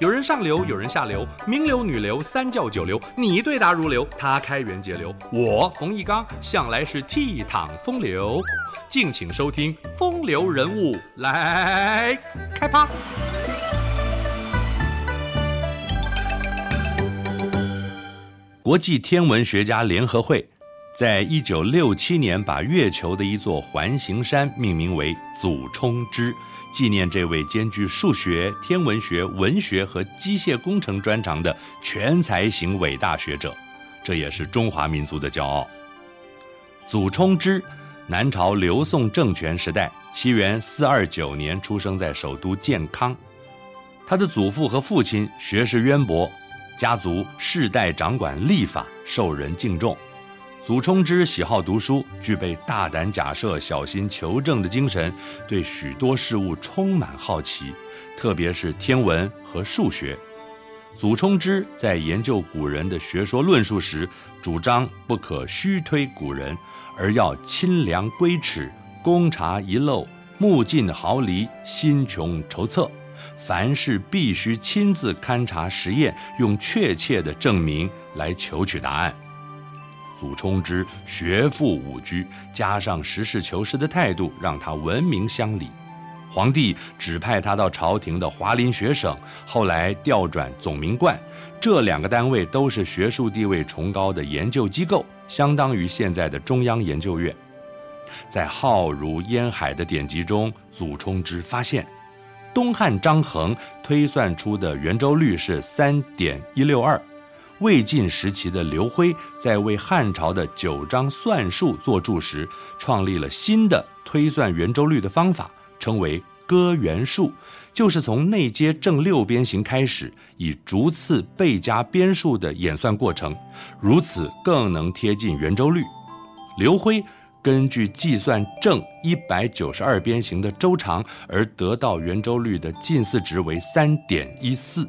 有人上流，有人下流，名流、女流、三教九流，你對答如流，他開源節流，我馮翊綱向來是倜儻風流。敬請收聽《風流人物》來，來開趴。國際天文學家聯合會，在一九六七年把月球的一座環形山命名為祖沖之。紀念這位兼具數學、天文學、文學和機械工程專長的全才型偉大學者，這也是中華民族的驕傲。祖沖之，南朝劉宋政權時代，西元429年出生在首都建康。他的祖父和父親學識淵博，家族世代掌管曆法，受人敬重。祖沖之喜好讀書，具備大膽假設、小心求證的精神，對許多事物充滿好奇，特別是天文和數學。祖沖之在研究古人的學說論述時，主張不可虛推古人，而要親量圭尺，躬察儀漏，目盡毫釐，心窮籌策。凡事必須親自勘察實驗，用確切的證明來求取答案。祖沖之學富五車，加上實事求是的態度，讓他聞名鄉里。皇帝指派他到朝廷的華林學省，後來調轉總明觀，這兩個單位都是學術地位崇高的研究機構，相當於現在的中央研究院。在浩如煙海的典籍中，祖沖之發現，東漢張衡推算出的圓周率是三點一六二。魏晉時期的劉徽在為漢朝的《九章算術》作注時，創立了新的推算圓周率的方法，稱為割圓術，就是從內接正六邊形開始，以逐次倍加邊數的演算過程，如此更能貼近圓周率。劉徽根據計算正一百九十二邊形的周長，而得到圓周率的近似值為三點一四。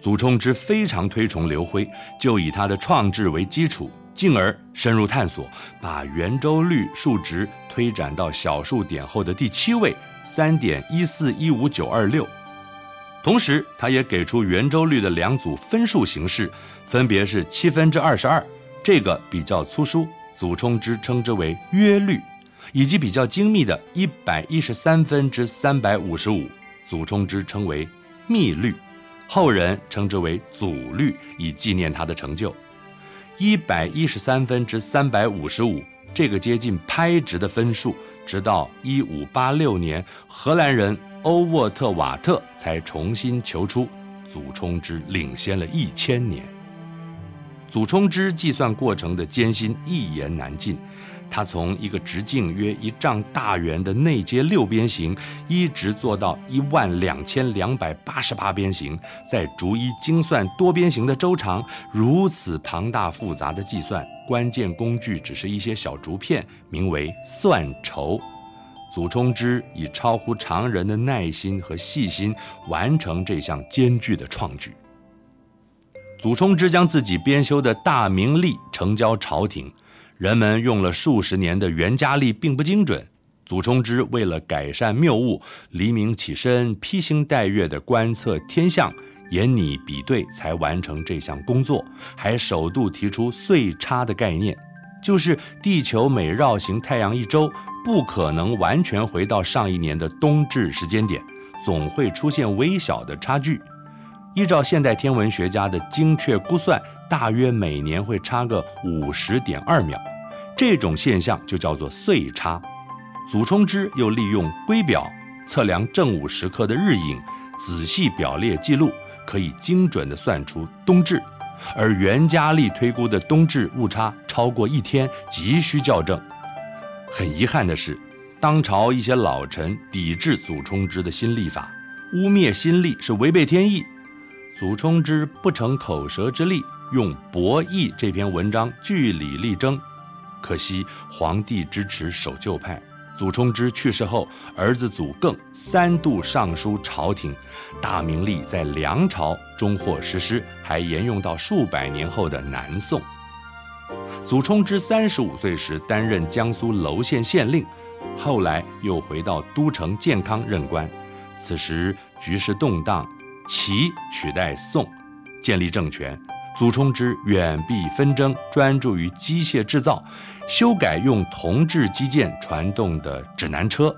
祖沖之非常推崇劉徽，就以他的創制為基礎，進而深入探索，把圓周率數值推展到小數點後的第七位，三點一四一五九二六。同時，他也給出圓周率的兩組分數形式，分別是七分之二十二，這個比較粗疏，祖沖之稱之為約率，以及比較精密的一百一十三分之三百五十五，祖沖之稱為密率。後人稱之為祖率，以紀念他的成就。一百一十三分之三百五十五，這個接近 π 值的分數，直到一五八六年，荷蘭人歐沃特瓦特才重新求出，祖沖之領先了一千年。祖沖之計算過程的艱辛一言難盡，他從一個直徑約一丈大圓的內接六邊形，一直做到一萬兩千兩百八十八邊形，再逐一精算多邊形的周長。如此龐大複雜的計算，關鍵工具只是一些小竹片，名為算籌。祖沖之以超乎常人的耐心和細心，完成這項艱巨的創舉。祖沖之將自己編修的《大明曆》呈交朝廷，人們用了數十年的《元嘉曆》並不精準。祖沖之為了改善謬誤，黎明起身，披星戴月地觀測天象，嚴謹比對才完成這項工作，還首度提出歲差的概念，就是地球每繞行太陽一周，不可能完全回到上一年的冬至時間點，總會出現微小的差距。依照現代天文學家的精確估算，大約每年會差個五十點二秒，這種現象就叫做歲差。祖沖之又利用圭表測量正午時刻的日影，仔細表列記錄，可以精準的算出冬至。而元嘉曆推估的冬至誤差超過一天，急需校正。很遺憾的是，當朝一些老臣抵制祖沖之的新曆法，污衊新曆是違背天意。祖沖之不逞口舌之利，用《博弈》這篇文章據理力爭，可惜皇帝支持守舊派。祖沖之去世後，兒子祖暅三度上書朝廷，大明曆在梁朝終獲實施，還沿用到數百年後的南宋。祖沖之三十五歲時擔任江蘇婁縣縣令，後來又回到都城建康任官，此時局勢動盪。齊取代宋，建立政權。祖沖之遠避紛爭，專注於機械製造，修改用銅制機件傳動的指南車，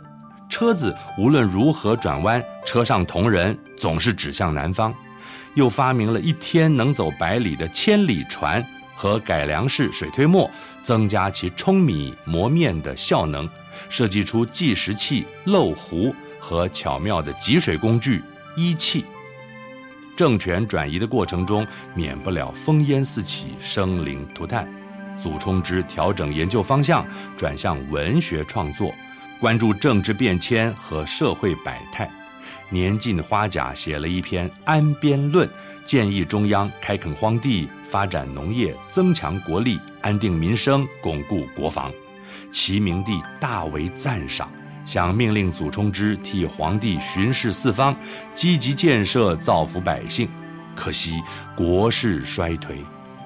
車子無論如何轉彎，車上銅人總是指向南方。又發明了一天能走百里的千里船和改良式水推磨，增加其舂米磨麵的效能。設計出計時器、漏壺和巧妙的汲水工具—欹器。政權轉移的過程中，免不了烽煙四起、生靈塗炭。祖沖之調整研究方向，轉向文學創作，關注政治變遷和社會百態。年近花甲，寫了一篇《安邊論》，建議中央開墾荒地、發展農業、增強國力、安定民生、鞏固國防。齊明帝大為讚賞。想命令祖沖之替皇帝巡視四方，積極建設，造福百姓。可惜國勢衰頹，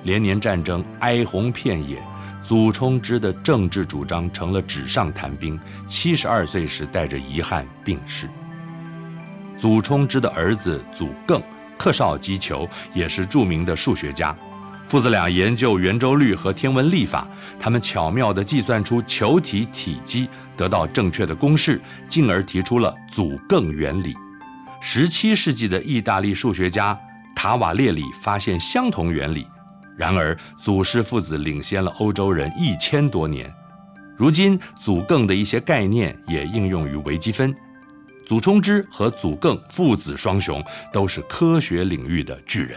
連年戰爭，哀鴻遍野，祖沖之的政治主張成了紙上談兵。七十二歲時，帶着遺憾病逝。祖沖之的兒子祖暅，克紹箕裘，也是著名的數學家。父子倆研究圓周率和天文曆法，他們巧妙地計算出球體體積，得到正確的公式，進而提出了祖暅原理。十七世紀的意大利數學家塔瓦列里發現相同原理，然而祖師父子領先了歐洲人一千多年。如今，祖暅的一些概念也應用於微積分。祖沖之和祖暅父子雙雄都是科學領域的巨人。